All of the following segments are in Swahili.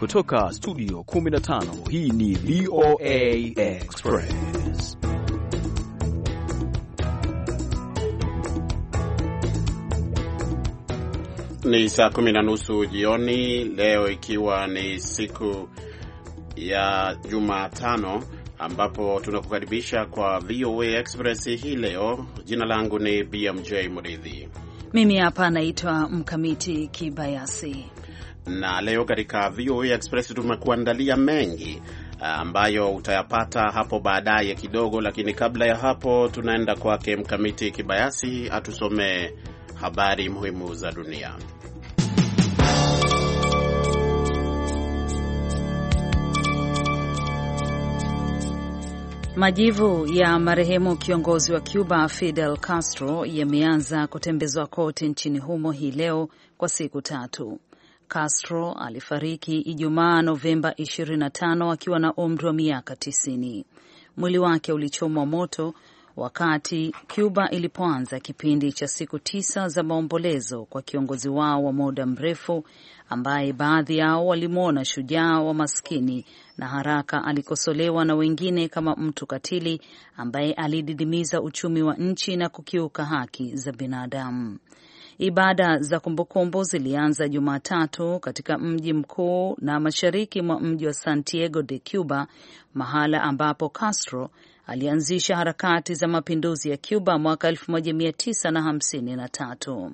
Kutoka studio 15 hii ni VOA Express. Ni saa kumi na nusu jioni leo, ikiwa ni siku ya Jumatano ambapo tunakukaribisha kwa VOA Express hii leo. Jina langu ni BMJ Mridhi, mimi hapa naitwa Mkamiti Kibayasi na leo katika VOA Express tumekuandalia mengi ah, ambayo utayapata hapo baadaye kidogo, lakini kabla ya hapo tunaenda kwake Mkamiti Kibayasi atusomee habari muhimu za dunia. Majivu ya marehemu kiongozi wa Cuba Fidel Castro yameanza kutembezwa kote nchini humo hii leo kwa siku tatu. Castro alifariki Ijumaa Novemba 25 akiwa na umri wa miaka 90. Mwili wake ulichomwa moto wakati Cuba ilipoanza kipindi cha siku tisa za maombolezo kwa kiongozi wao wa muda mrefu ambaye baadhi yao walimwona shujaa wa maskini na haraka alikosolewa na wengine kama mtu katili ambaye alididimiza uchumi wa nchi na kukiuka haki za binadamu. Ibada za kumbukumbu zilianza Jumatatu katika mji mkuu na mashariki mwa mji wa Santiago de Cuba, mahala ambapo Castro alianzisha harakati za mapinduzi ya Cuba mwaka 1953.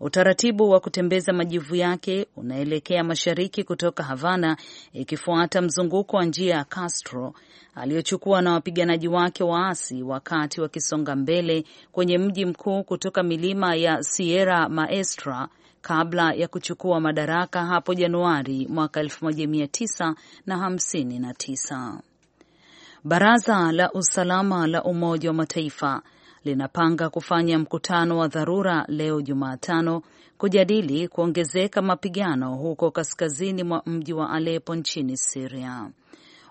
Utaratibu wa kutembeza majivu yake unaelekea mashariki kutoka Havana, ikifuata mzunguko wa njia ya Castro aliyochukua na wapiganaji wake waasi, wakati wakisonga mbele kwenye mji mkuu kutoka milima ya Sierra Maestra kabla ya kuchukua madaraka hapo Januari mwaka 1959. Baraza la Usalama la Umoja wa Mataifa linapanga kufanya mkutano wa dharura leo Jumatano kujadili kuongezeka mapigano huko kaskazini mwa mji wa Aleppo nchini Syria.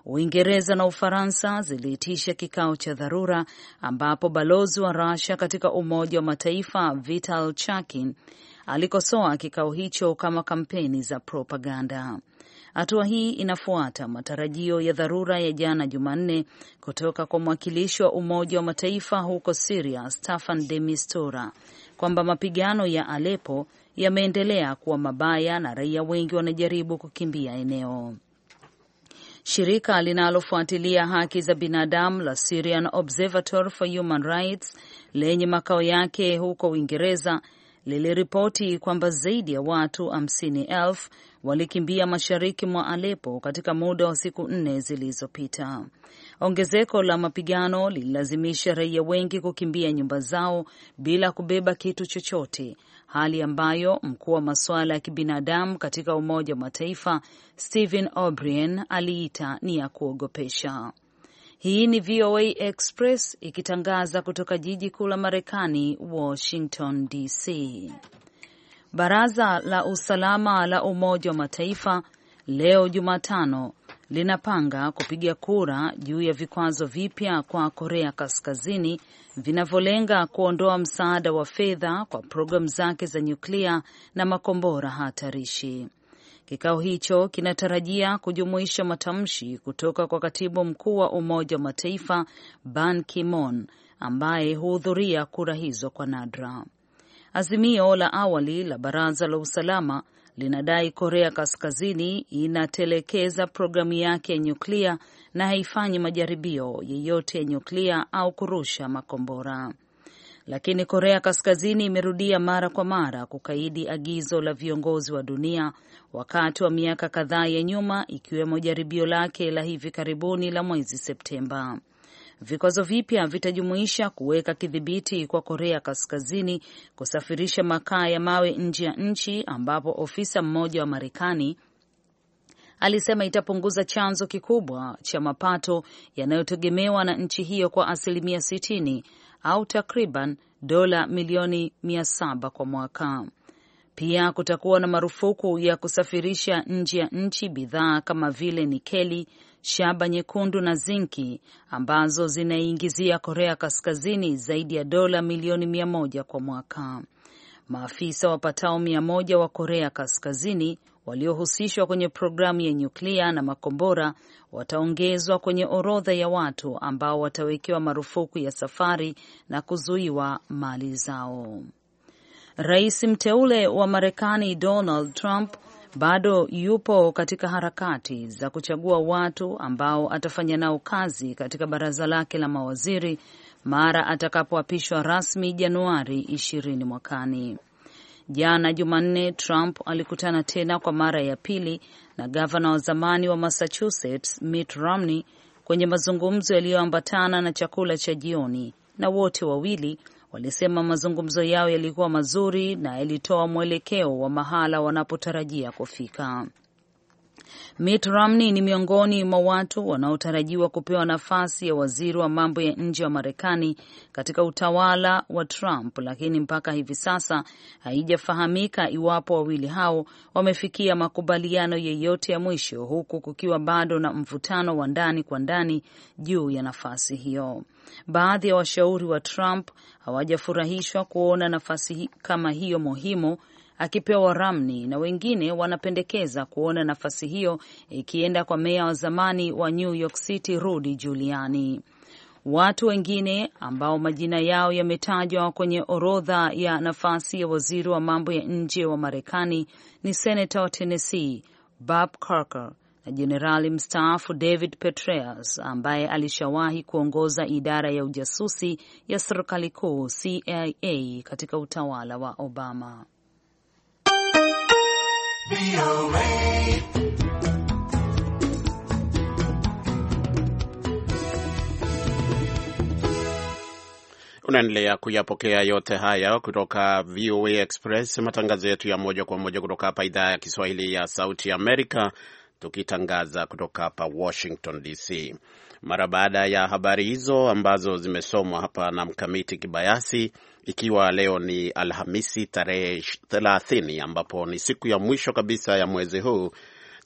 Uingereza na Ufaransa ziliitisha kikao cha dharura ambapo balozi wa Russia katika Umoja wa Mataifa Vital Chakin alikosoa kikao hicho kama kampeni za propaganda. Hatua hii inafuata matarajio ya dharura ya jana Jumanne kutoka kwa mwakilishi wa Umoja wa Mataifa huko Siria, Staffan de Mistura, kwamba mapigano ya Alepo yameendelea kuwa mabaya na raia wengi wanajaribu kukimbia eneo. Shirika linalofuatilia haki za binadamu la Syrian Observatory for Human Rights lenye makao yake huko Uingereza liliripoti kwamba zaidi ya watu hamsini elfu walikimbia mashariki mwa Alepo katika muda wa siku nne zilizopita. Ongezeko la mapigano lililazimisha raia wengi kukimbia nyumba zao bila kubeba kitu chochote, hali ambayo mkuu wa masuala ya kibinadamu katika Umoja wa Mataifa Stephen O'Brien aliita ni ya kuogopesha. Hii ni VOA Express ikitangaza kutoka jiji kuu la Marekani, Washington DC. Baraza la Usalama la Umoja wa Mataifa leo Jumatano linapanga kupiga kura juu ya vikwazo vipya kwa Korea Kaskazini vinavyolenga kuondoa msaada wa fedha kwa programu zake za nyuklia na makombora hatarishi. Kikao hicho kinatarajia kujumuisha matamshi kutoka kwa katibu mkuu wa Umoja wa Mataifa Ban Ki-moon ambaye huhudhuria kura hizo kwa nadra. Azimio la awali la Baraza la Usalama linadai Korea Kaskazini inatelekeza programu yake ya nyuklia na haifanyi majaribio yeyote ya nyuklia au kurusha makombora. Lakini Korea Kaskazini imerudia mara kwa mara kukaidi agizo la viongozi wa dunia wakati wa miaka kadhaa ya nyuma, ikiwemo jaribio lake la hivi karibuni la mwezi Septemba. Vikwazo vipya vitajumuisha kuweka kidhibiti kwa Korea Kaskazini kusafirisha makaa ya mawe nje ya nchi, ambapo ofisa mmoja wa Marekani alisema itapunguza chanzo kikubwa cha mapato yanayotegemewa na nchi hiyo kwa asilimia 60 au takriban dola milioni 700 kwa mwaka. Pia kutakuwa na marufuku ya kusafirisha nje ya nchi bidhaa kama vile nikeli, shaba nyekundu na zinki ambazo zinaingizia Korea Kaskazini zaidi ya dola milioni mia moja kwa mwaka. Maafisa wapatao mia moja wa Korea Kaskazini waliohusishwa kwenye programu ya nyuklia na makombora wataongezwa kwenye orodha ya watu ambao watawekewa marufuku ya safari na kuzuiwa mali zao. Rais mteule wa Marekani Donald Trump bado yupo katika harakati za kuchagua watu ambao atafanya nao kazi katika baraza lake la mawaziri mara atakapoapishwa rasmi Januari ishirini mwakani. Jana Jumanne, Trump alikutana tena kwa mara ya pili na gavana wa zamani wa Massachusetts Mitt Romney kwenye mazungumzo yaliyoambatana na chakula cha jioni, na wote wawili walisema mazungumzo yao yalikuwa mazuri na yalitoa mwelekeo wa mahala wanapotarajia kufika. Mitt Romney ni miongoni mwa watu wanaotarajiwa kupewa nafasi ya waziri wa mambo ya nje wa Marekani katika utawala wa Trump, lakini mpaka hivi sasa haijafahamika iwapo wawili hao wamefikia makubaliano yeyote ya mwisho, huku kukiwa bado na mvutano wa ndani kwa ndani juu ya nafasi hiyo. Baadhi ya washauri wa Trump hawajafurahishwa kuona nafasi kama hiyo muhimu akipewa ramni, na wengine wanapendekeza kuona nafasi hiyo ikienda kwa meya wa zamani wa New York City Rudy Giuliani. Watu wengine ambao majina yao yametajwa kwenye orodha ya nafasi ya waziri wa mambo ya nje wa Marekani ni senata wa Tennessee Bob Corker na jenerali mstaafu David Petraeus ambaye alishawahi kuongoza idara ya ujasusi ya serikali kuu CIA katika utawala wa Obama. Unaendelea kuyapokea yote haya kutoka VOA Express, matangazo yetu ya moja kwa moja kutoka hapa idhaa ya Kiswahili ya Sauti Amerika, tukitangaza kutoka hapa Washington DC. Mara baada ya habari hizo ambazo zimesomwa hapa na Mkamiti Kibayasi, ikiwa leo ni Alhamisi tarehe thelathini, ambapo ni siku ya mwisho kabisa ya mwezi huu,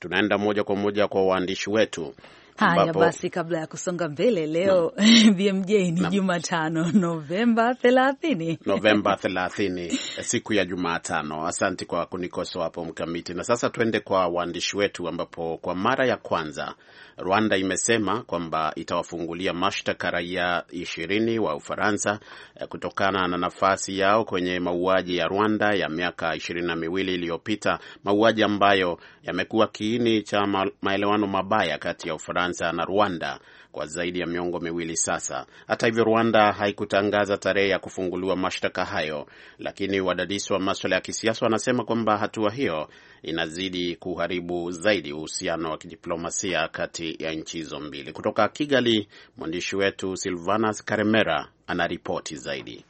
tunaenda moja kwa moja kwa waandishi wetu. Haya basi, kabla ya kusonga mbele leo no. BMJ ni no. Jumatano Novemba thelathini Novemba thelathini eh, siku ya Jumatano. Asante kwa kunikosoa hapo Mkamiti, na sasa tuende kwa waandishi wetu, ambapo kwa mara ya kwanza Rwanda imesema kwamba itawafungulia mashtaka raia ishirini wa Ufaransa eh, kutokana na nafasi yao kwenye mauaji ya Rwanda ya miaka ishirini na miwili iliyopita, mauaji ambayo yamekuwa kiini cha maelewano mabaya kati ya Ufaransa Ufaransa na Rwanda kwa zaidi ya miongo miwili sasa. Hata hivyo, Rwanda haikutangaza tarehe ya kufunguliwa mashtaka hayo, lakini wadadisi wa maswala ya kisiasa wanasema kwamba hatua hiyo inazidi kuharibu zaidi uhusiano wa kidiplomasia kati ya nchi hizo mbili. Kutoka Kigali, mwandishi wetu Silvanas Karemera anaripoti zaidi.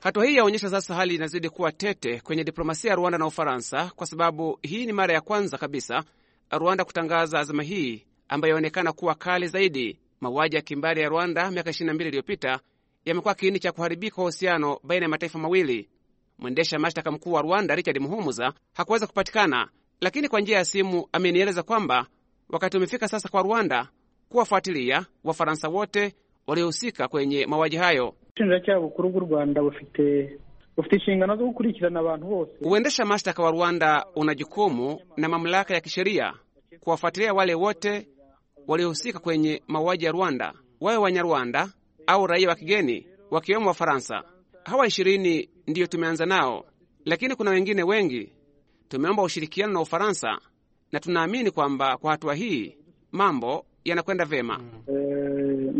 Hatua hii yaonyesha sasa hali inazidi kuwa tete kwenye diplomasia ya Rwanda na Ufaransa, kwa sababu hii ni mara ya kwanza kabisa Rwanda kutangaza azma hii ambayo yaonekana kuwa kali zaidi. Mauaji ya kimbari ya Rwanda miaka 22 iliyopita yamekuwa kiini cha kuharibika kwa uhusiano baina ya mataifa mawili. Mwendesha mashtaka mkuu wa Rwanda Richard Muhumuza hakuweza kupatikana, lakini kwa njia ya simu amenieleza kwamba wakati umefika sasa kwa Rwanda kuwafuatilia Wafaransa wote waliohusika kwenye mauaji hayo. Uendesha mashtaka wa Rwanda una jukumu na mamlaka ya kisheria kuwafuatilia wale wote waliohusika kwenye mauaji ya Rwanda, wawe Wanyarwanda au raia wa kigeni, wakiwemo Wafaransa. Hawa ishirini ndiyo tumeanza nao, lakini kuna wengine wengi. Tumeomba ushirikiano na Ufaransa na tunaamini kwamba kwa hatua hii mambo yanakwenda vema. Eh,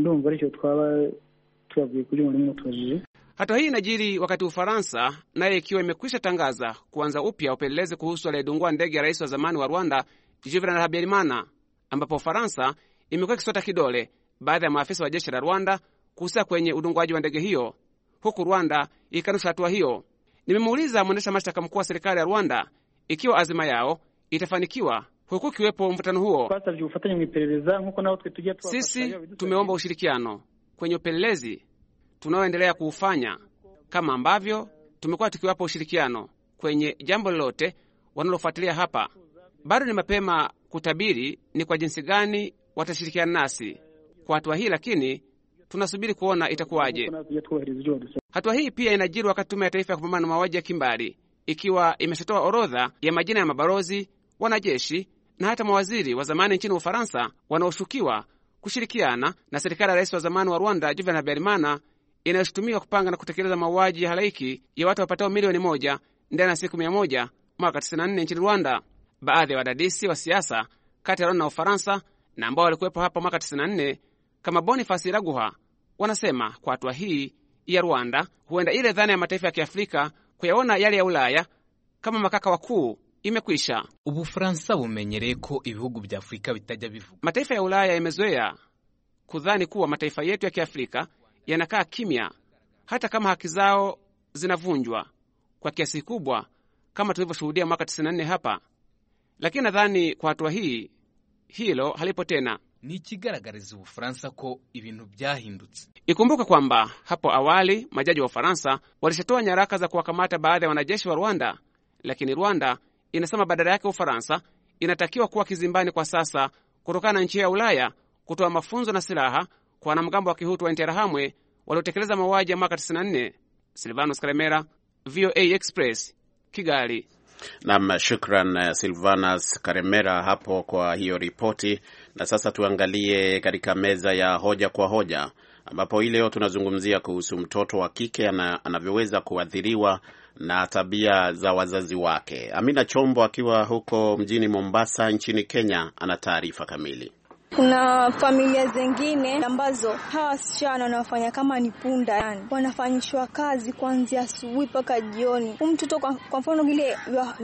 hatua hii inajiri wakati Ufaransa naye ikiwa imekwisha tangaza kuanza upya upelelezi kuhusu aliyedungua ndege ya rais wa zamani wa Rwanda Juvenal Habyarimana ambapo Ufaransa imekuwa ikisota kidole baadhi ya maafisa wa jeshi la Rwanda kuhusika kwenye udungwaji wa ndege hiyo, huku Rwanda ikikanusha hatua hiyo. Nimemuuliza mwendesha mashtaka mkuu wa serikali ya Rwanda ikiwa azima yao itafanikiwa huku ikiwepo mvutano huo. Sisi tumeomba ushirikiano kwenye upelelezi tunaoendelea kuufanya, kama ambavyo tumekuwa tukiwapa ushirikiano kwenye jambo lolote wanalofuatilia hapa. Bado ni mapema kutabiri ni kwa jinsi gani watashirikiana nasi kwa hatua hii, lakini tunasubiri kuona itakuwaje. Hatua hii pia inajiri wakati Tume ya Taifa ya Kupambana na Mauaji ya Kimbari ikiwa imeshatoa orodha ya majina ya mabalozi, wanajeshi na hata mawaziri wa zamani nchini Ufaransa wanaoshukiwa kushirikiana na serikali ya rais wa zamani wa Rwanda Juvenal Habyarimana inayoshutumiwa kupanga na kutekeleza mauaji ya halaiki ya watu wapatao milioni moja ndani ya siku mia moja mwaka 94 nchini Rwanda baadhi ya wadadisi wa siasa kati ya Rwanda na Ufaransa na ambao walikuwepo hapa mwaka 94 kama bonifasi Raguha wanasema kwa hatua hii ya Rwanda huenda ile dhana ya mataifa ya Kiafrika kuyaona yale ya Ulaya kama makaka wakuu imekwisha. Ubufaransa bumenyereye ko ibihugu vya Afurika bitajya bivuga. Mataifa ya Ulaya yamezoea kudhani kuwa mataifa yetu ya Kiafrika yanakaa kimya hata kama haki zao zinavunjwa kwa kiasi kikubwa, kama tulivyoshuhudia mwaka 94 hapa lakini nadhani kwa hatua hii hilo halipo tena. Ni ikigaragariza Ubufaransa ko ibintu byahindutse. Ikumbuke kwamba hapo awali majaji wa Ufaransa walishatoa nyaraka za kuwakamata baadhi ya wanajeshi wa Rwanda, lakini Rwanda inasema badala yake Ufaransa inatakiwa kuwa kizimbani kwa sasa kutokana na nchi ya Ulaya kutoa mafunzo na silaha kwa wanamgambo wa kihutu wa Interahamwe waliotekeleza mauaji ya mwaka 94. Silvanus Karemera, VOA Express, Kigali. Nam, shukran eh, Silvanas Karemera hapo kwa hiyo ripoti. Na sasa tuangalie katika meza ya hoja kwa hoja, ambapo hii leo tunazungumzia kuhusu mtoto wa kike anavyoweza kuathiriwa na tabia za wazazi wake. Amina Chombo akiwa huko mjini Mombasa nchini Kenya ana taarifa kamili. Kuna familia zingine ambazo hawa wasichana wanafanya kama ni punda, yani wanafanyishwa kazi kuanzia asubuhi mpaka jioni. Huyu mtoto kwa, kwa mfano vile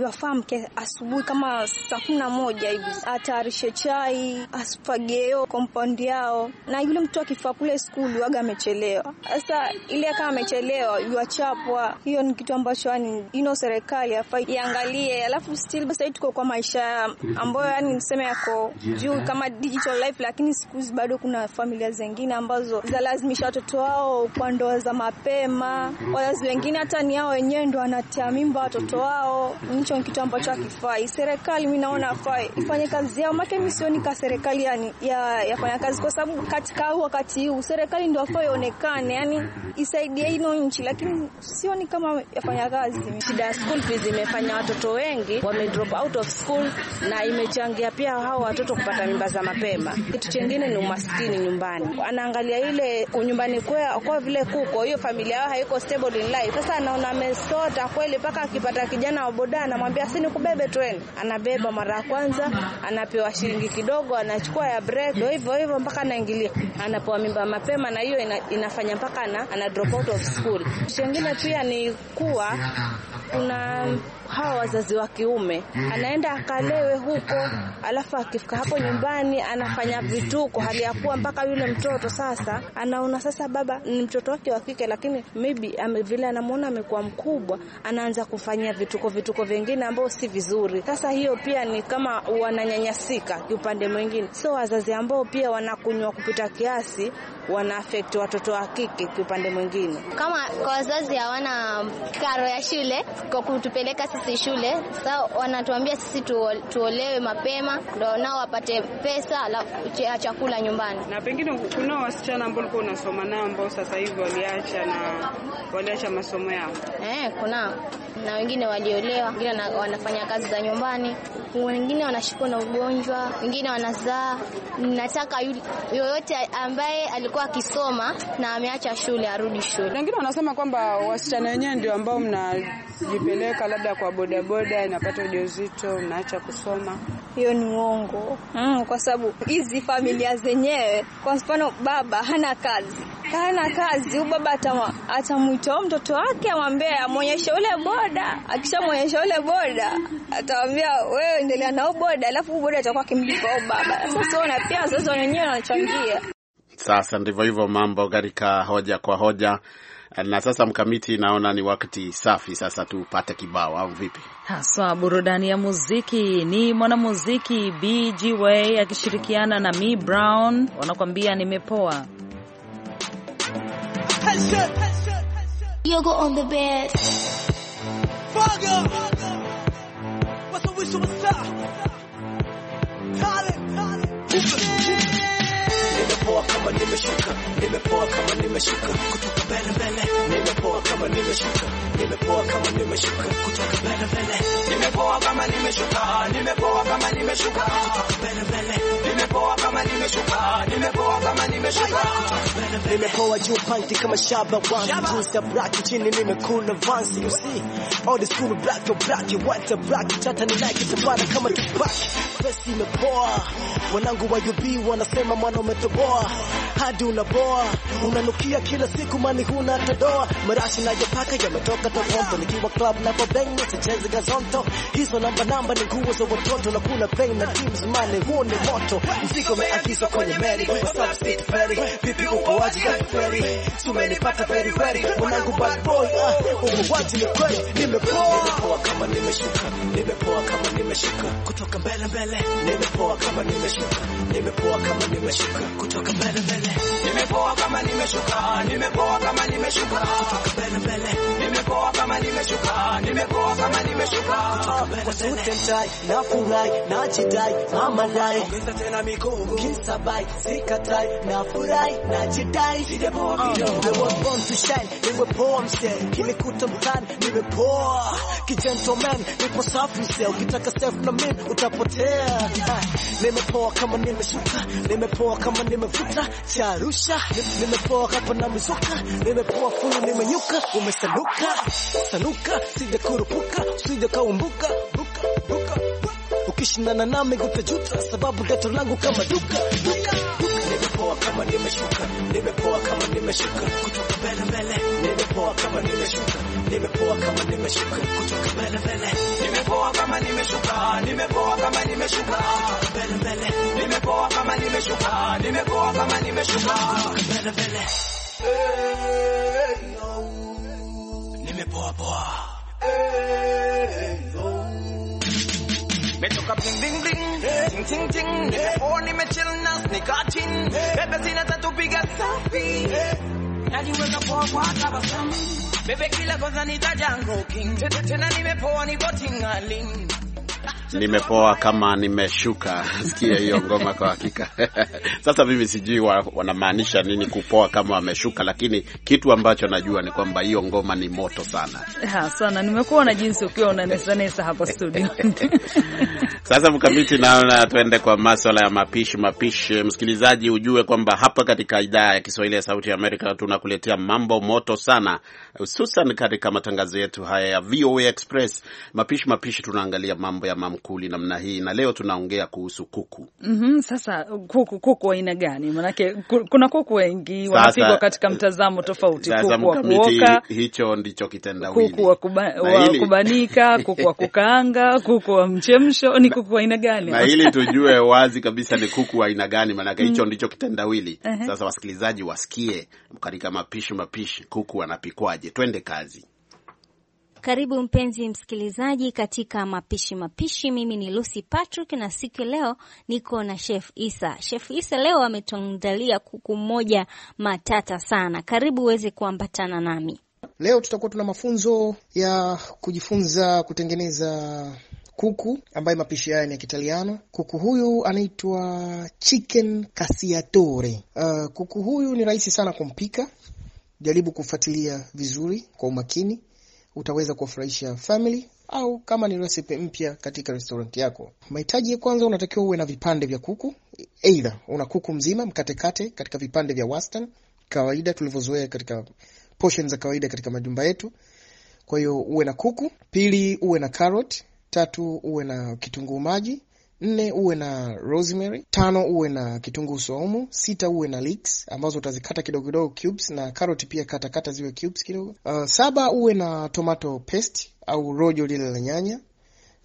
wafamke asubuhi kama saa kumi na moja hivi atayarishe chai asfageo compound yao, na yule mtu akifa kule skuli waga amechelewa. Sasa ile kama amechelewa yuachapwa. Hiyo ni kitu ambacho yani ino serikali hafai iangalie. Alafu still basi tuko kwa maisha ambayo yani niseme yako juu kama digital life, lakini siku hizi bado kuna familia zingine ambazo zalazimisha watoto wao kwa ndoa za mapema. Wazazi wengine hata ni hao wenyewe ndo wanatia mimba watoto wao. Nicho kitu ambacho hakifai. Serikali mimi naona ifanye kazi yao, make misioni ka serikali yani ya yafanya kazi, kwa sababu katika huu wakati huu serikali ndio afai ionekane, yani isaidie ino nchi, lakini sioni kama yafanya kazi. Shida ya school fees imefanya watoto wengi wame drop out of school na imechangia pia hao watoto kupata mimba za mapema mama. Kitu chengine ni umaskini nyumbani, anaangalia ile nyumbani kwa, kwa vile kuko hiyo familia yao haiko stable in life. Sasa anaona amesota kweli, mpaka akipata kijana wa boda anamwambia si nikubebe twende, anabeba mara ya kwanza, anapewa shilingi kidogo, anachukua ya break, hivyo hivyo mpaka anaingilia, anapewa mimba mapema, na hiyo ina, inafanya mpaka ana, ana drop out of school. Chengine pia ni kuwa kuna hawa wazazi wa kiume, anaenda akalewe huko, alafu akifika hapo nyumbani anafanya vituko, hali ya kuwa mpaka yule mtoto sasa anaona sasa baba ni mtoto wake wa kike, lakini maybe ame, vile anamwona amekuwa mkubwa, anaanza kufanyia vituko vituko vingine ambao si vizuri. Sasa hiyo pia ni kama wananyanyasika kiupande mwingine, so wazazi ambao pia wanakunywa kupita kiasi wana affect watoto wa kike kiupande mwingine, kama kwa wazazi hawana karo ya shule kwa kutupeleka sisi shule, sasa wanatuambia sisi tuolewe mapema ndio nao wapate pesa la chakula nyumbani. Na pengine kuna wasichana ambao ulikuwa unasoma nao ambao sasa hivi waliacha na waliacha masomo yao. Eh, kuna na wengine waliolewa, wengine wanafanya kazi za nyumbani, wengine wanashikwa na ugonjwa, wengine wanazaa. Nataka yoyote ambaye alikuwa akisoma na ameacha shule arudi shule. Wengine wanasema kwamba wasichana wenyewe ndio ambao mna jipeleka labda kwa bodaboda, inapata ujauzito, unaacha kusoma. Hiyo ni uongo mm, kwa sababu hizi familia zenyewe, kwa mfano baba hana kazi hana kazi, huyu baba atamwita mtoto wake amwambie amwonyeshe ule boda. Akishamwonyesha ule boda, atamwambia wewe endelea na boda, alafu boda atakuwa akimlipa baba. Sasa na pia wazazi wenyewe wanachangia. Sasa ndivyo hivyo mambo katika hoja kwa hoja. Na sasa Mkamiti, naona ni wakati safi sasa tupate kibao au vipi? Haswa burudani ya muziki ni mwanamuziki BG Way akishirikiana na Mi Brown wanakuambia nimepoa nimepoa kama nimeshuka, nimepoa kama nimeshuka kutoka bele bele, nimepoa kama nimeshuka, nimepoa kama nimeshuka kutoka bele bele, nimepoa kama nimeshuka, nimepoa kama nimeshuka kutoka bele bele nimeshuka, nimepoa kama nimeshuka, nimepoa juu panti kama shaba wangu, jinsi ya braki chini nimekula vansi, you see all the school black your oh, black you want to black chata ni like tabara kama tupaki pesi imepoa, wanangu wa UB wanasema mwana umetoboa, hadi unaboa, unanukia kila siku mani huna hata doa, marashi na jopaka yametoka Toronto, nikiwa club na bobengi sichezi gazonto, hizo namba namba ni nguo za watoto na kuna pain na teams mane, huo ni moto mziko meaki hizo kwenye meli stop speed ferry vipi upoaji ya ferry sumenipata ferry ferry mwanangu bad boy ah. upoaji ni kweli nimepoa kama nimeshuka nimepoa kama nimeshuka kutoka mbele mbele nimepoa kama nimeshuka nimepoa kama nimeshuka kutoka mbele mbele nimepoa kama nimeshuka nimepoa kama nimeshuka kutoka mbele mbele nimepoa kama nimeshuka Mtai, na furai, na jidai, mama lai. Ongeza tena migongo. Kisabai, sikatai, na furai, na jidai. Jide poa kidogo. I was born to shine, niwe poa msee. Kilikuta mtani, niwe poa. Kijentleman, nipo safi msee. Ukitaka self na mimi, utapotea. Nimepoa kama nimeshuka, nimepoa kama nimefuta. Charusha, nimepoa kama na mizuka. Nimepoa fulu, nimenyuka. Umesanuka, sanuka, sija kurupuka, sija kaumbuka ukishindana nami utajuta, sababu gato langu kama duka duka. Nimepoa kama nimeshuka, nimepoa kama nimeshuka kutoka mbele mbele, nimepoa kama nimeshuka, nimepoa kama nimeshuka kutoka mbele mbele, nimepoa kama nimeshuka, nimepoa kama nimeshuka mbele mbele, nimepoa kama nimeshuka, nimepoa kama nimeshuka kutoka mbele mbele, nimepoa poa Metoka bling bling bling, ting ting ting. Oh, nimechill na sneaker chini. Bebe zina piga safi. Najiweka poa kwa tabasamu. Bebe kila kosa nitajango king. Tena nimepoa niko nimepoa kama nimeshuka. Sikia hiyo ngoma kwa hakika. Sasa mimi sijui wanamaanisha nini kupoa kama wameshuka, lakini kitu ambacho najua ni kwamba hiyo ngoma ni moto sana ha, sana. Nimekuona jinsi ukiwa unanesanesa hapa studio. Sasa mkamiti, naona tuende kwa maswala ya mapishi. Mapishi, msikilizaji, ujue kwamba hapa katika idhaa ya Kiswahili ya Sauti ya Amerika tunakuletea mambo moto sana, hususan katika matangazo yetu haya ya VOA Express. Mapishi mapishi, tunaangalia mambo ya mambo maankuli namna hii, na leo tunaongea kuhusu kuku. mm -hmm. Sasa kuku, kuku aina gani? Maanake kuna kuku wengi wanapigwa katika mtazamo eh, tofauti. Kuku wa kuoka, hicho ndicho kitendawili, kuku wa kubanika, kuku wa kukaanga, kuku wa mchemsho. Ni kuku aina gani? Na ili tujue wazi kabisa ni kuku aina gani, maanake mm. hicho mm. ndicho kitendawili. uh -huh. Sasa wasikilizaji wasikie katika mapishi mapishi, kuku anapikwaje? Twende kazi. Karibu mpenzi msikilizaji katika mapishi mapishi. Mimi ni Lucy Patrick na siku ya leo niko na Chef Isa. Chef Isa leo ametuandalia kuku mmoja matata sana. Karibu uweze kuambatana nami leo. Tutakuwa tuna mafunzo ya kujifunza kutengeneza kuku ambaye mapishi haya ni ya Kitaliano. Kuku huyu anaitwa chicken cacciatore. Uh, kuku huyu ni rahisi sana kumpika. Jaribu kufuatilia vizuri kwa umakini utaweza kuwafurahisha family au kama ni recipe mpya katika restaurant yako. Mahitaji ya kwanza, unatakiwa uwe na vipande vya kuku, eidha una kuku mzima mkatekate katika vipande vya wastani kawaida tulivyozoea katika portion za kawaida katika majumba yetu. Kwa hiyo uwe na kuku. Pili, uwe na carrot. Tatu, uwe na kitunguu maji nne uwe na rosemary, tano uwe na kitunguu saumu, sita uwe na leeks ambazo utazikata kidogo kidogo cubes, na karoti pia katakata kata ziwe cubes kidogo. Uh, saba uwe na tomato paste au rojo lile la nyanya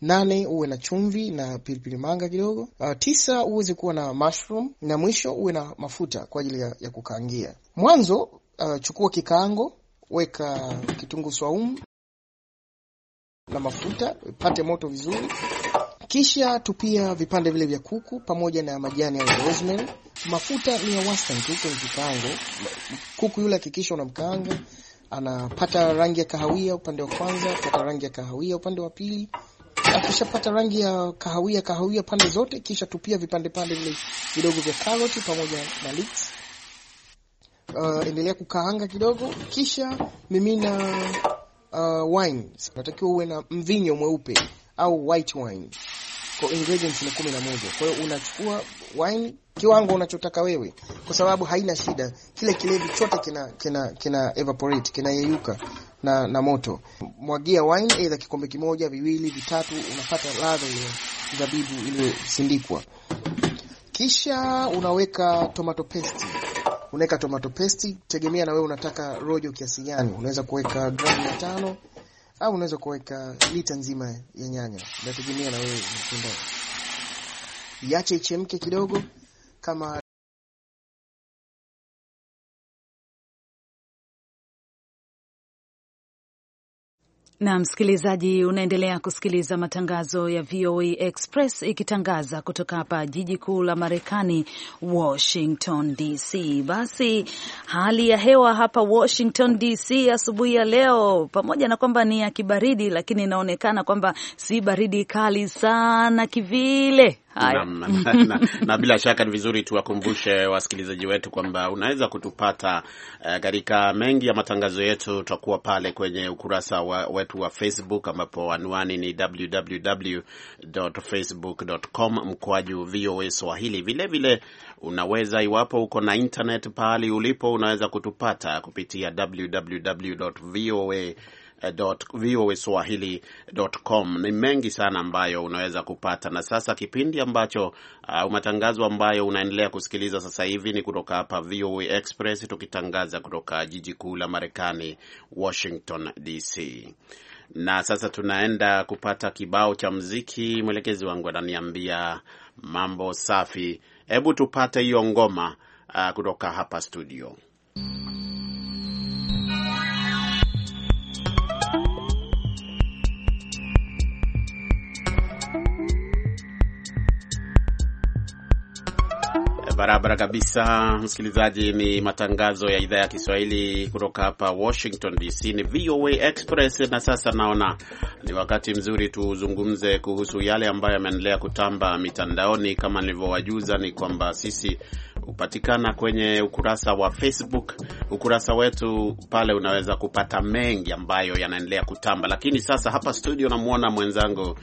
nane uwe na chumvi na pilipili manga kidogo. Uh, tisa uweze kuwa na mushroom, na mwisho uwe na mafuta kwa ajili ya, ya kukaangia. Mwanzo uh, chukua kikaango, weka kitunguu swaumu na mafuta, pate moto vizuri. Kisha tupia vipande vile vya kuku pamoja na majani ya rosemary. Mafuta ni ya wastani tu kwenye kikaango. Kuku yule hakikisha unamkaanga anapata rangi ya kahawia upande wa kwanza, pata rangi ya kahawia upande wa pili. Akishapata rangi ya kahawia kahawia pande zote, kisha tupia vipande pande vile vidogo vya karoti pamoja na leeks. Uh, endelea kukaanga kidogo, kisha mimina uh, wine. Natakiwa uwe na mvinyo mweupe au white wine. Kwa ingredients ni 11. Kwa hiyo unachukua wine kiwango unachotaka wewe, kwa sababu haina shida, kile kilevi chote kina kina kina evaporate kinayeyuka na na moto. Mwagia wine aidha kikombe kimoja, viwili, vitatu, unapata ladha ile zabibu iliyosindikwa. Kisha unaweka tomato paste unaweka tomato paste, tegemea na wewe unataka rojo kiasi gani. Unaweza kuweka gramu mia au unaweza kuweka lita nzima ya nyanya, inategemea na wewe Iache ichemke kidogo kama na msikilizaji, unaendelea kusikiliza matangazo ya VOA e Express ikitangaza kutoka hapa jiji kuu la Marekani, Washington DC. Basi hali ya hewa hapa Washington DC asubuhi ya leo, pamoja na kwamba ni ya kibaridi, lakini inaonekana kwamba si baridi kali sana kivile na, na, na, na, bila shaka ni vizuri tuwakumbushe wasikilizaji wetu kwamba unaweza kutupata eh, katika uh, mengi ya matangazo yetu. Tutakuwa pale kwenye ukurasa wa, wetu wa Facebook ambapo anwani ni www.facebook.com mkoaju VOA Swahili. vilevile unaweza, iwapo uko na internet, pahali ulipo unaweza kutupata kupitia www.voa voaswahili.com. Ni mengi sana ambayo unaweza kupata, na sasa kipindi ambacho uh, matangazo ambayo unaendelea kusikiliza sasa hivi ni kutoka hapa VOA Express, tukitangaza kutoka jiji kuu la Marekani, Washington DC. Na sasa tunaenda kupata kibao cha mziki. Mwelekezi wangu ananiambia mambo safi. Hebu tupate hiyo ngoma uh, kutoka hapa studio. Barabara kabisa, msikilizaji. Ni matangazo ya idhaa ya Kiswahili kutoka hapa Washington DC, ni VOA Express. Na sasa naona ni wakati mzuri tuzungumze kuhusu yale ambayo yameendelea kutamba mitandaoni. Kama nilivyowajuza, ni kwamba sisi hupatikana kwenye ukurasa wa Facebook, ukurasa wetu pale, unaweza kupata mengi ambayo yanaendelea kutamba. Lakini sasa hapa studio, namwona mwenzangu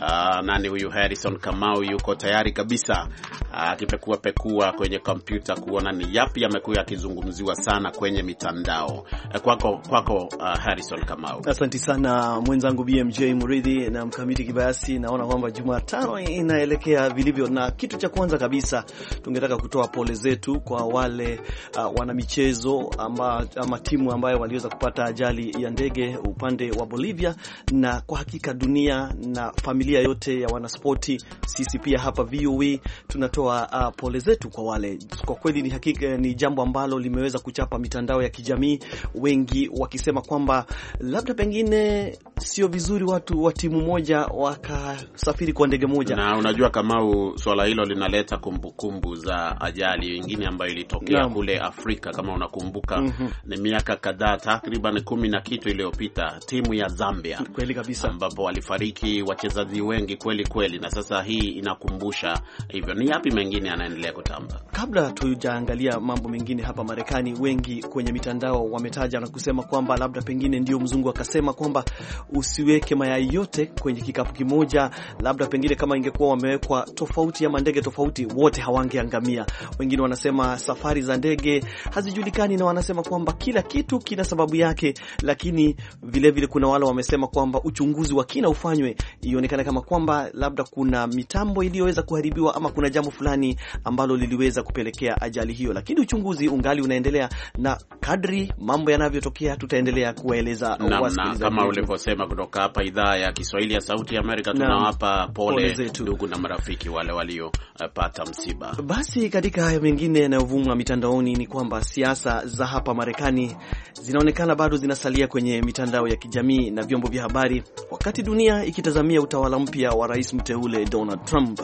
Ah, nani huyu Harrison Kamau yuko tayari kabisa ah, akipekua pekua kwenye kompyuta kuona ni yapi yamekuwa yakizungumziwa sana kwenye mitandao. Eh, kwako kwako, uh, Harrison Kamau. Asante sana mwenzangu BMJ Muridhi na mkamiti Kibayasi. Naona kwamba Jumatano inaelekea vilivyo, na kitu cha kwanza kabisa tungetaka kutoa pole zetu kwa wale uh, wanamichezo amba, ama timu ambayo waliweza kupata ajali ya ndege upande wa Bolivia, na kwa hakika dunia na familia familia yote ya wanaspoti. Sisi pia hapa VOA tunatoa uh, pole zetu kwa wale. Kwa kweli ni hakika, ni jambo ambalo limeweza kuchapa mitandao ya kijamii, wengi wakisema kwamba labda pengine sio vizuri watu wa timu moja wakasafiri kwa ndege moja, na unajua Kamau, swala hilo linaleta kumbukumbu kumbu za ajali nyingine ambayo ilitokea kule Afrika kama unakumbuka mm -hmm. Ni miaka kadhaa takriban kumi na kitu iliyopita, timu ya Zambia kweli kabisa, ambapo walifariki wachezaji wazazi wengi kweli kweli, na sasa hii inakumbusha hivyo. Ni yapi mengine yanaendelea kutamba? Kabla tujaangalia mambo mengine hapa Marekani, wengi kwenye mitandao wametaja na kusema kwamba labda pengine ndio mzungu akasema kwamba usiweke mayai yote kwenye kikapu kimoja, labda pengine kama ingekuwa wamewekwa tofauti ama ndege tofauti, wote hawangeangamia. Wengine wanasema safari za ndege hazijulikani, na wanasema kwamba kila kitu kina sababu yake, lakini vilevile vile kuna wale wamesema kwamba uchunguzi wa kina ufanywe ionekana ionekane kama kwamba labda kuna mitambo iliyoweza kuharibiwa ama kuna jambo fulani ambalo liliweza kupelekea ajali hiyo, lakini uchunguzi ungali unaendelea, na kadri mambo yanavyotokea tutaendelea kuwaeleza Kama ulivyosema, kutoka hapa idhaa ya Kiswahili ya Sauti ya Amerika tunawapa pole ndugu na marafiki wale waliopata msiba. Basi katika hayo mengine yanayovuma mitandaoni ni kwamba siasa za hapa Marekani zinaonekana bado zinasalia kwenye mitandao ya kijamii na vyombo vya habari, wakati dunia ikitazamia utawala utawala mpya wa rais mteule Donald Trump.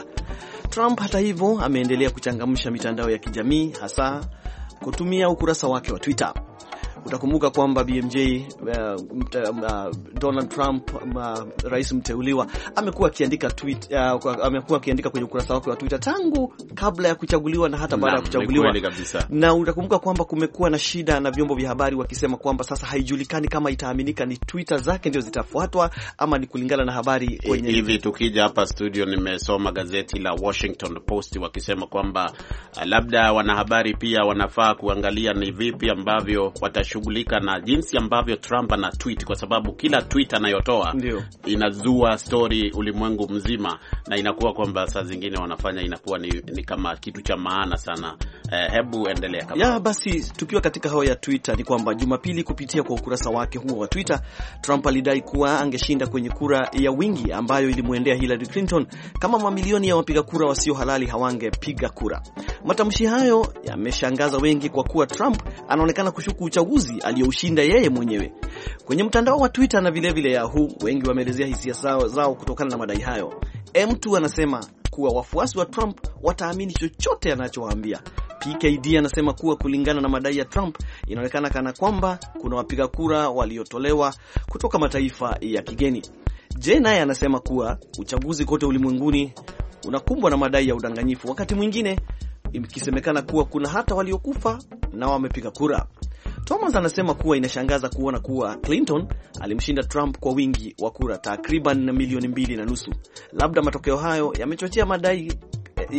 Trump hata hivyo ameendelea kuchangamsha mitandao ya kijamii hasa kutumia ukurasa wake wa Twitter. Utakumbuka kwamba BMJ uh, uh, Donald Trump uh, rais mteuliwa amekuwa akiandika tweet uh, amekuwa akiandika kwenye ukurasa wake wa Twitter tangu kabla ya kuchaguliwa na hata baada ya kuchaguliwa, na utakumbuka kwamba kumekuwa na shida na vyombo vya habari wakisema kwamba sasa haijulikani kama itaaminika ni Twitter zake ndio zitafuatwa ama ni kulingana na habari kwenye hivi. Tukija hapa studio, nimesoma gazeti la Washington Post wakisema kwamba uh, labda wanahabari pia wanafaa kuangalia ni vipi ambavyo wata anashughulika na jinsi ambavyo Trump ana tweet, kwa sababu kila tweet anayotoa inazua story ulimwengu mzima, na inakuwa kwamba saa zingine wanafanya inakuwa ni, ni kama kitu cha maana sana Eh, hebu endelea kabla. Ya basi tukiwa katika hao ya Twitter ni kwamba Jumapili kupitia kwa ukurasa wake huo wa Twitter, Trump alidai kuwa angeshinda kwenye kura ya wingi ambayo ilimwendea Hillary Clinton kama mamilioni ya wapiga kura wasio halali hawangepiga kura. Matamshi hayo yameshangaza wengi kwa kuwa Trump anaonekana kushuku uchaguzi aliyoushinda yeye mwenyewe. Kwenye mtandao wa Twitter na vilevile Yahoo, wengi wameelezea hisia zao, zao kutokana na madai hayo. M2 anasema kuwa wafuasi wa Trump wataamini chochote anachowaambia. PKD anasema kuwa kulingana na madai ya Trump, inaonekana kana kwamba kuna wapiga kura waliotolewa kutoka mataifa ya kigeni. Je, naye anasema kuwa uchaguzi kote ulimwenguni unakumbwa na madai ya udanganyifu, wakati mwingine ikisemekana kuwa kuna hata waliokufa na wamepiga kura. Thomas anasema kuwa inashangaza kuona kuwa Clinton alimshinda Trump kwa wingi wa kura takriban milioni mbili na nusu. Labda matokeo hayo yamechochea madai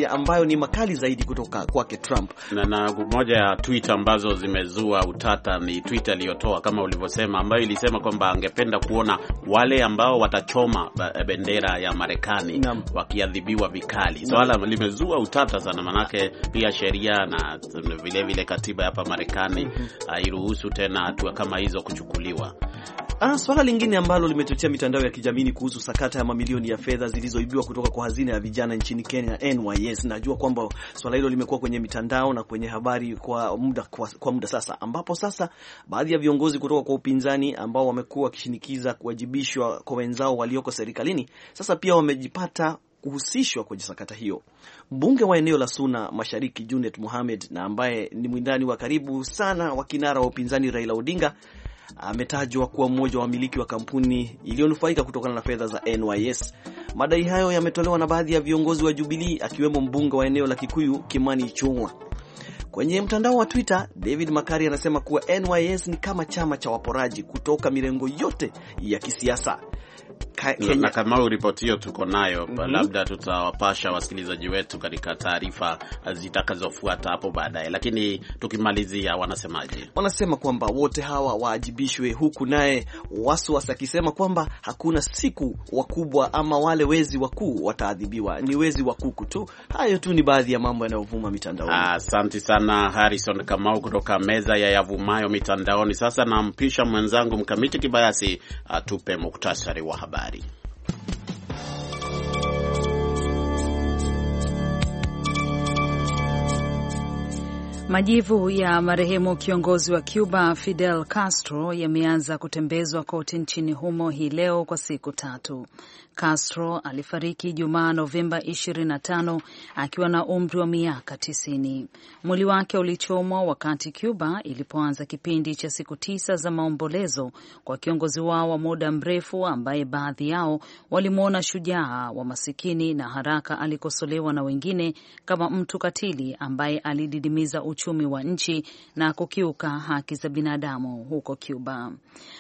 ambayo ni makali zaidi kutoka kwake Trump. Na, na moja ya tweet ambazo zimezua utata ni tweet aliyotoa kama ulivyosema, ambayo ilisema kwamba angependa kuona wale ambao watachoma bendera ya Marekani wakiadhibiwa vikali. Swala so, limezua utata sana, manake pia sheria na vilevile vile katiba hapa Marekani mm -hmm. hairuhusu tena hatua kama hizo kuchukuliwa. Ah, swala lingine ambalo limechochea mitandao ya kijamii kuhusu sakata ya mamilioni ya fedha zilizoibiwa kutoka kwa hazina ya vijana nchini Kenya NY Yes, najua kwamba swala hilo limekuwa kwenye mitandao na kwenye habari kwa muda, kwa, kwa muda sasa, ambapo sasa baadhi ya viongozi kutoka kwa upinzani ambao wamekuwa wakishinikiza kuwajibishwa kwa wenzao walioko serikalini sasa pia wamejipata kuhusishwa kwenye sakata hiyo. Mbunge wa eneo la Suna Mashariki Junet Mohamed, na ambaye ni mwindani wa karibu sana wa kinara wa upinzani Raila Odinga, ametajwa kuwa mmoja wa wamiliki wa kampuni iliyonufaika kutokana na fedha za NYS Madai hayo yametolewa na baadhi ya viongozi wa Jubilii akiwemo mbunge wa eneo la Kikuyu Kimani Ichung'wa. Kwenye mtandao wa Twitter, David Makari anasema kuwa NYS ni kama chama cha waporaji kutoka mirengo yote ya kisiasa. Kenya. Na kama ripoti hiyo tuko nayo mm -hmm. Labda tutawapasha wasikilizaji wetu katika taarifa zitakazofuata hapo baadaye, lakini tukimalizia, wanasemaje? Wanasema kwamba wote hawa waajibishwe, huku naye Waswasi akisema kwamba hakuna siku wakubwa ama wale wezi wakuu wataadhibiwa, ni wezi wa kuku tu. Hayo tu ni baadhi ya mambo yanayovuma mitandaoni. Asante sana Harrison Kamau kutoka meza ya yavumayo mitandaoni. Sasa nampisha mwenzangu Mkamiti Kibayasi atupe muktasari wa habari. Majivu ya marehemu kiongozi wa Cuba Fidel Castro yameanza kutembezwa kote nchini humo hii leo kwa siku tatu. Castro alifariki Jumaa Novemba 25 akiwa na umri wa miaka 90. Mwili wake ulichomwa wakati Cuba ilipoanza kipindi cha siku tisa za maombolezo kwa kiongozi wao wa muda mrefu ambaye baadhi yao walimwona shujaa wa masikini na haraka alikosolewa na wengine kama mtu katili ambaye alididimiza uchumi wa nchi na kukiuka haki za binadamu huko Cuba.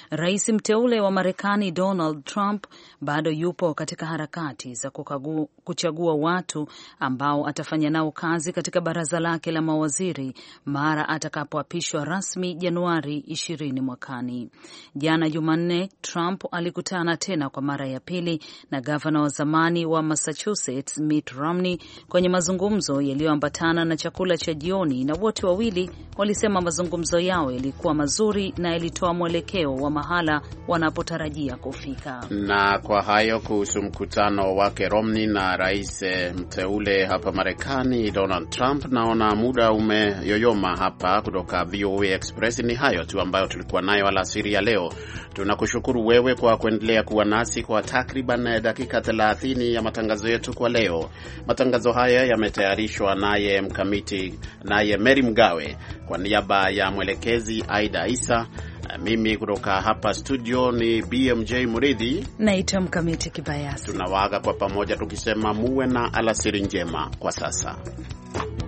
Rais mteule wa Marekani Donald Trump bado yupo katika harakati za kukagu, kuchagua watu ambao atafanya nao kazi katika baraza lake la mawaziri mara atakapoapishwa rasmi Januari 20 mwakani. Jana Jumanne, Trump alikutana tena kwa mara ya pili na gavana wa zamani wa Massachusetts Mitt Romney kwenye mazungumzo yaliyoambatana na chakula cha jioni na wote wawili walisema mazungumzo yao yalikuwa mazuri na yalitoa mwelekeo wa mahala wanapotarajia kufika. Na kwa hayo kuhusu mkutano wake Romney na rais eh, mteule hapa Marekani Donald Trump, naona muda umeyoyoma hapa. Kutoka VOA Express ni hayo tu ambayo tulikuwa nayo alasiri ya leo. Tunakushukuru wewe kwa kuendelea kuwa nasi kwa takriban eh, dakika 30 ya matangazo yetu kwa leo. Matangazo haya yametayarishwa naye mkamiti naye Mary Mary Mgawe. Kwa niaba ya mwelekezi Aida Isa, mimi kutoka hapa studio ni BMJ Muridhi, naitwa Mkamiti Kibayasi. Tunawaaga kwa pamoja tukisema muwe na alasiri njema kwa sasa.